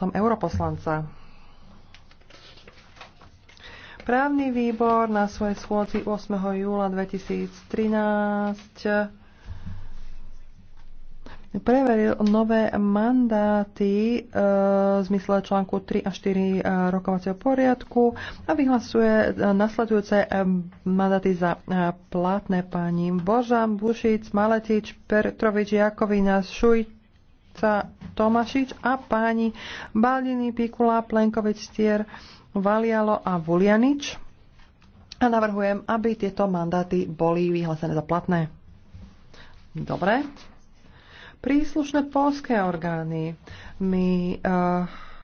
tom europoslanca. Právny výbor na svojej schôdzi 8. júla 2013 preveril nové mandáty e, v zmysle článku 3 a 4 e, rokovacieho poriadku a vyhlasuje e, nasledujúce e, mandáty za e, platné pani Božan, Bušic, Maletič, Petrovič, Jakovina, Šujt, Ca Tomašič a páni Baliny, Pikula, Plenkovič, Stier, Valialo a Vulianič. A navrhujem, aby tieto mandáty boli vyhlásené za platné. Dobre. Príslušné polské orgány mi uh, eh,